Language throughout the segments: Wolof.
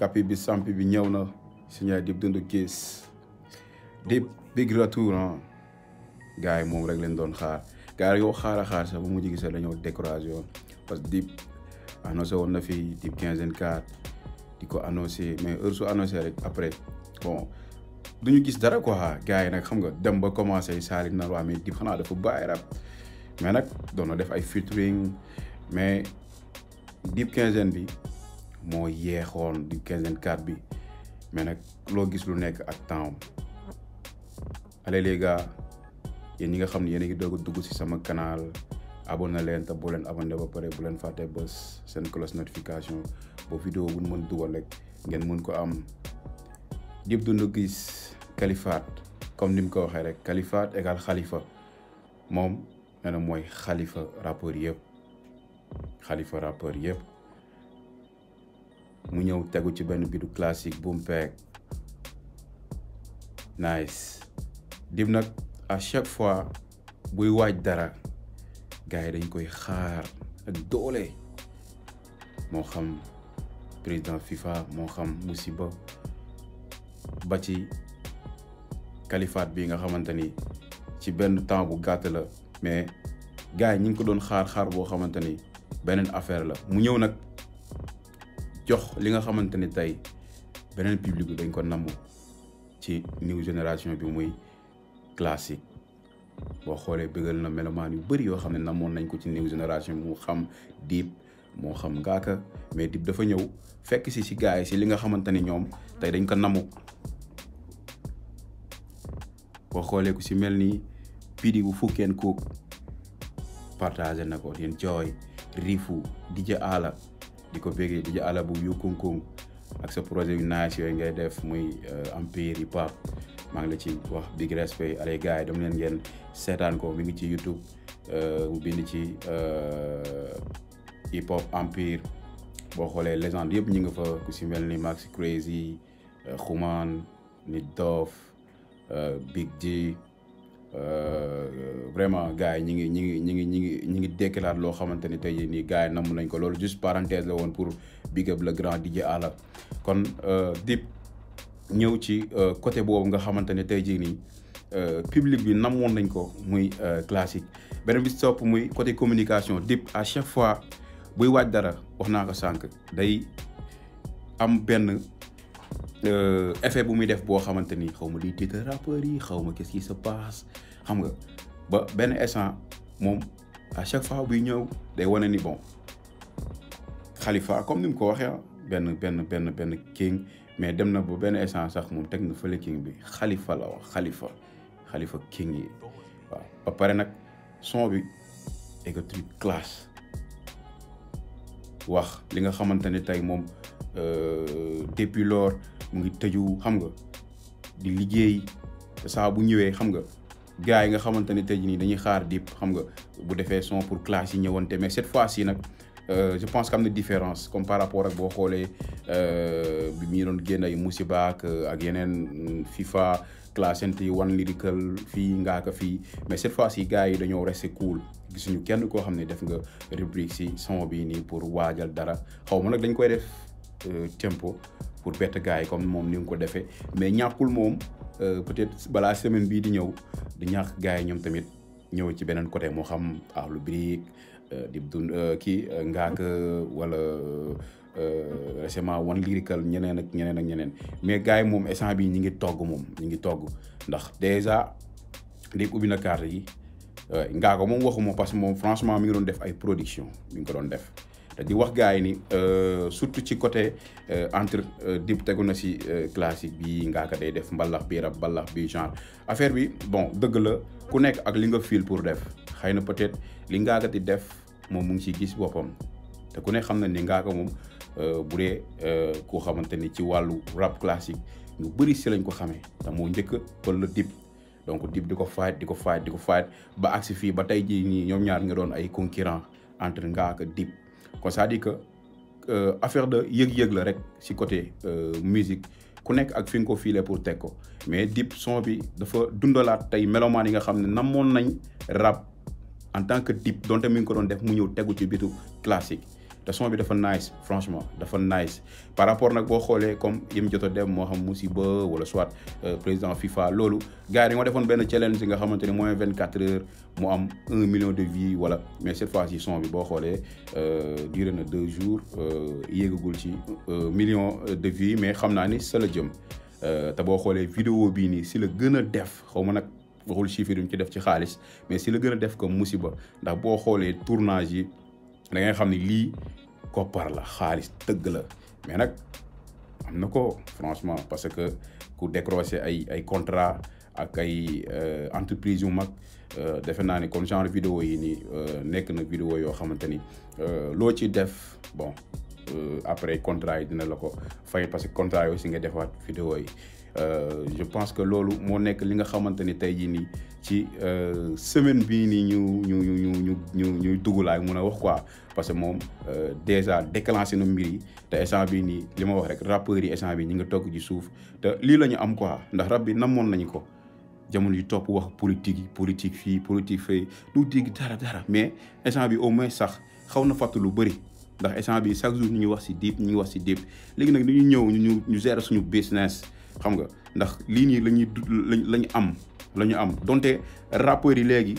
kapi bi sampi bi ñëw na signé Dip Doundou Guiss Dip big retour ah yi moom rek leen doon xaar gars yi yow xaar a xaar sax bu mujj gi sax dañoo woon parce que Dip annoncé woon na fi Dip quinzaine quatre di ko annoncé mais heure su annoncé rek après bon du ñu gis dara ko gars yi nag xam nga dem ba commencé saali na waa mais Dip xanaa dafa bàyyi rap mais nag doon na def ay featuring mais Dip quinzaine bi. moo yeexoon di quinzaine quatre bi mais nag loo gis lu nekk ak temps allez les gars yéen ñi nga xam ne yéen a ngi dugg si sama canal abonné leen te boo leen abonné ba pare bu leen fàtte bés seen cloche notification ba vidéo bu mën dugal rek ngeen mën ko am Dip Doundou gis Califat comme nim mu ko waxee rek Califat égal xalifa moom nee na mooy xalifa rappeur yëpp xalifa rappeur yëpp mu ñëw tegu ci benn bidu classique bu mpeeg nice dib nag à chaque fois buy waaj dara gars yi dañ koy xaar ak doole moo xam président FIFA moo xam musiba ba ci kalifaat bi nga xamante ni ci benn temps bu gàtt la mais gars yi ñu ngi ko doon xaar xaar boo xamante ni beneen affaire la mu ñëw nag jox li nga xamante ne tey beneen public bi dañ ko namm ci new génération bi muy classique boo xoolee bëggal na melomaan yu bëri yoo xam ne namoon nañ ko ci new génération mu xam Dip moo xam ngaaka mais Dip dafa ñëw fekk si si gars yi si li nga xamante ni ñoom tey dañ ko namu boo xoolee ku si mel ni pidi bu fukkeen kook partagé na ko yéen jooy riifu DJ Ala di ko bëggee di ala bu yu kunkung ak sa projet yu nice yooyu ngay def muy euh, empire hip hop maa ngi la ci wax big respect allez gars yi dama leen ngeen seetaan ko mi ngi ci YouTube euh, mu bind ci euh, hip hop empire boo xoolee légende yëpp ñu nga fa ku si mel ni Max Crazy Xuman ni Dof Big ji Euh, euh, vraiment gars yi ñu ngi ñu ngi ñi ngi ñi ngi ñi ngi dekkilaat loo xamante ni tey nii gars yi namm nañ ko loolu juste parenthèse la woon pour big up le grand DJ Alla kon euh, Dip ñëw ci côté boobu nga xamante ne tey jii nii public bi nam namoon nañ ko muy classique beneen bi sopp muy côté communication Dip à chaque fois buy waaj dara wax naa ko sànq day am benn Euh, effet bu muy def boo xamante ni xaw ma liy tiital rappeurs xaw ma qu'est-ce qui se passe xam nga ba benn instant moom a chaque fois buy ñëw day wane ni bon Khalifa comme ni mu ko waxee ah, benn benn benn benn king mais dem na ba benn instant sax moom teg na fële bi xalifa la xalifa Khalifa Khalifa king yi ba pare nag son bi égotrip classe wax li nga xamante ne tey moom euh, depuis lors mu ngi tëju xam nga di liggéey te bu ñëwee xam nga gars yi nga xamante ne tey nii dañuy xaar dip xam nga bu defee son pour classe yi ñëwante mais cette fois ci nag euh, je pense que am na différence comme par rapport ak boo xoolee euh, bi muy doon génn ay musiba ak euh, yeneen mm, FIFA classent yi wan lyrical fii ngaa ko fii mais cette fois ci gars yi dañoo resté cool gisuñu kenn koo xam ne def nga rubrique si son bi nii pour waajal dara xaw ma nag dañ koy def tempo pour bett gars yi comme moom ni nga ko defee mais ñaakul moom euh, peut-être balaa semaine bii di ñëw di ñàkk gars yi ñoom tamit ñëw ci beneen côté moo xam Akhlou Brick euh, di dund euh, kii Ngaaka wala récemment One Lyrical ñeneen ak ñeneen ak ñeneen mais gars yi moom instant bi ñi ngi togg moom ñi ngi togg ndax déjà léegi ubbi na carte yi Ngaaka moom waxuma parce que moom franchement mi ngi doon def ay production mi ngi ko doon def di wax gaay ni euh, surtout ci côté euh, entre euh, dib tegu na ci classique bi nga ka day def mbalax bi rab mbalax bi genre affaire bi bon deug la ku nek ak li nga feel pour def xeyna peut-être li nga di def mom mu ngi ci gis bopam te ku ne xam ni nga ka mom bu dé ku xamanteni ci walu rap classique ñu bari ci lañ ko xamé ta mo ñëk pël dib donc dib diko fight diko fight diko fight ba aksi fi ba tay ji ñom ñaar nga doon ay concurrent entre nga kon cest dit que euh, affaire de yëg-yëg la rek si côté euh, musique ku nekk ak fi nga ko filé pour teg ko mais Dip son bi dafa dundalaat tey melomaan yi nga xam ne namoon nañ rap en tant que Dip donte mi ngi ko doon def mu ñëw tegu ci bitu classique te son bi nice franchement dafa nice par rapport nag boo xoolee comme yim jot a dem moo xam musiba wala soit euh, président FIFA Lolo gars yi dañoo defoon challenge nga xamante ni moins vingt heures mu am un million de vues voilà mais cette fois ci son bi boo xoolee euh, duré deux jours euh, yéegagul ci million de vues mais xam ni sa la jëm te vidéo bii si a def xaw ma nag waxul chiffre yi ci def ci mais si def comme musiba ndax boo xoolee tournage da ngay xam ni lii koppar la xaalis tëgg la mais nag am na ko franchement parce que ku décroché ay ay contrat ak ay euh, entreprise yu mag euh, defe naa ni comme genre vidéo yi nii euh, nekk na vidéo yoo xamante ni loo ci def bon après contrat yi dina la ko fay parce que contrat yi aussi nga defaat vidéo yi Euh, je pense que c'est moo nekk li nga xamante ni tey euh, semaine bii nii ñu ñu ñu ñu ñu ñuy parce que euh, déjà déclenché na mbir te instant bii wax rek yi la politique politique politique mais au moins sax lu ndax bi chaque jour wax business xam nga ndax lii nii la ñuy la ñu am la ñu am donte rappeurs yi léegi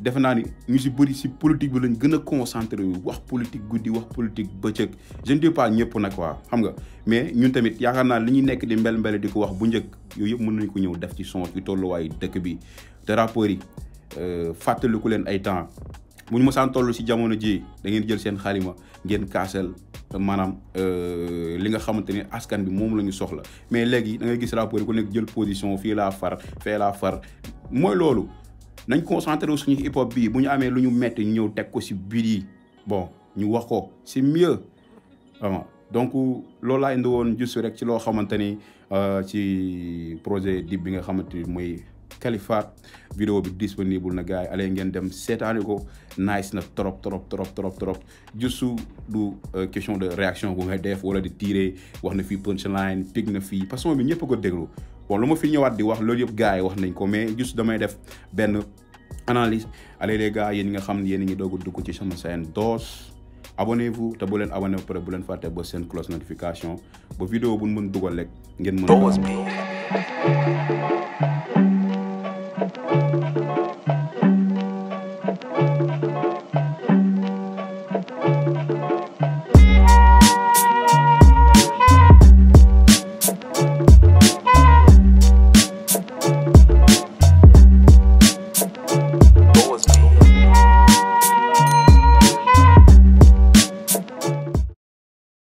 defe naa ni ñu si bëri si politique bi lañ gën a concentré wu wax politique guddi wax politique bëccëg je ne dis pas ñëpp nag waa xam nga mais ñun tamit yaakaar naa li ñuy nekk di mbel mbel di ko wax bu njëkk yooyu yëpp mën nañu ko ñëw def ci son ci tolluwaayu dëkk bi te rappeurs yi euh, fàttaliku leen ay temps bu ñu mosaan toll si jamono ji dangeen jël seen xalima ngeen kaasal maanaam euh, li nga xamante ni askan bi moom la ñu soxla mais léegi da ngay gis rapport ku nekk jël position fii laa far fee laa far mooy loolu nañ concentré suñu hip hop bii bu ñu amee lu ñu metti ñëw teg ko si biir bon ñu wax ko c'est mieux vraiment donc loolu laa indi woon juste rek ci loo xamante ni euh, ci projet DIP bi nga xamante ni mooy Califat vidéo bi disponible na gars yi allez ngeen dem seetaani ko nice na trop trop trop trop trop juste du euh, question de réaction bu ngay def wala di tirer wax na fii punchline pic na fii façon bi ñëpp ko déglu bon lu ma fi ñëwaat di wax loolu yëpp gars yi wax nañ ko mais juste damay def benn analyse allez les gars yéen nga xam ne yéen ngi doog a dugg ci sama chaîne Doss abonnez-vous te bu leen abonné ba pare bu leen fàtte ba seen cloche notification ba vidéo bu ñu mën dugal rek ngeen mën a